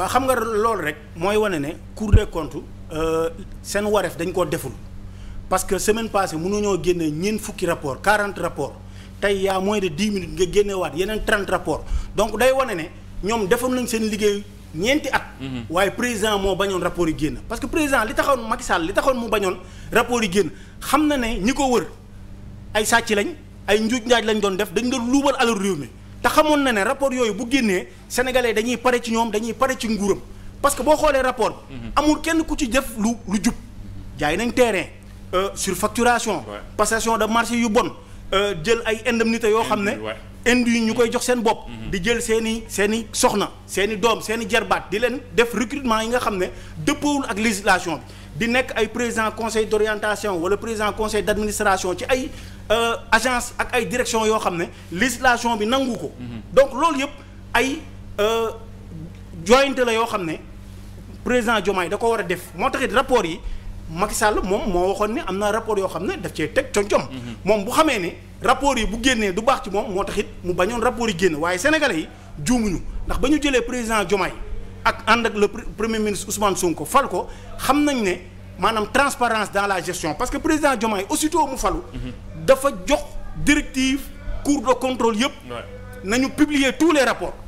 waa xam nga loolu rek mooy wane ne Cour des comptes euh, seen wareef dañ koo deful parce que semaine passée mënuñoo génne ñeent fukki rapport 40 rapport tey yaa moins de 10 minutes nga génnewaat yeneen 30 rapport donc day wane ne ñoom defoon nañ seen liggéey ñeenti at. Mhm. waaye président moo bañoon rapport yi génn. parce que président li taxoon Macky Sall li taxoon mu bañoon rapport yi génn xam na ne ñi ko wër ay sàcc lañ ay njuuj njaaj lañ doon def dañ doon luubal alal mi. te xamoon na ne rapport yooyu bu génnee sénégalais dañuy pare ci ñoom dañuy pare ci nguuram parce que boo xoolee rapport bi mhm. amul kenn ku ci def lu lu jub mhm. jaay nañ terrain euh, surfacturation passation de marché yu bon euh, jël ay indemnités yoo xam ne indi yu ñu koy jox seen bopp mhm. di jël seen i seen i soxna seen i doom seen i jarbaat di leen def recrutement yi nga xam ne dëppoowul ak législation bi di nekk ay président conseil d'orientation wala président conseil d'administration ci ay Euh, agence ak ay direction yoo xam ne législation bi nangu ko mhm. donc loolu yëpp ay euh, joyante la yoo xam ne président Diomaye da ko war a def moo taxit rapport yi Macky Sall moom moo waxoon ne am na rapport yoo xam ne daf cee teg concom mhm. moom bu xamee ne rapport yi bu génnee du baax ci moom moo taxit mu bañoon rapport yi génn waaye sénégalais yi juumuñu ndax ba ñu jëlee président Diomaye ak ànd ak le premier ministre Ousmane Sonko fal ko xam nañ ne maanaam transparence dans la gestion parce que président Diomaye aussitôt mu falu mhm. dafa jox directive cour de contrôle yëpp nañu publier tous les rapports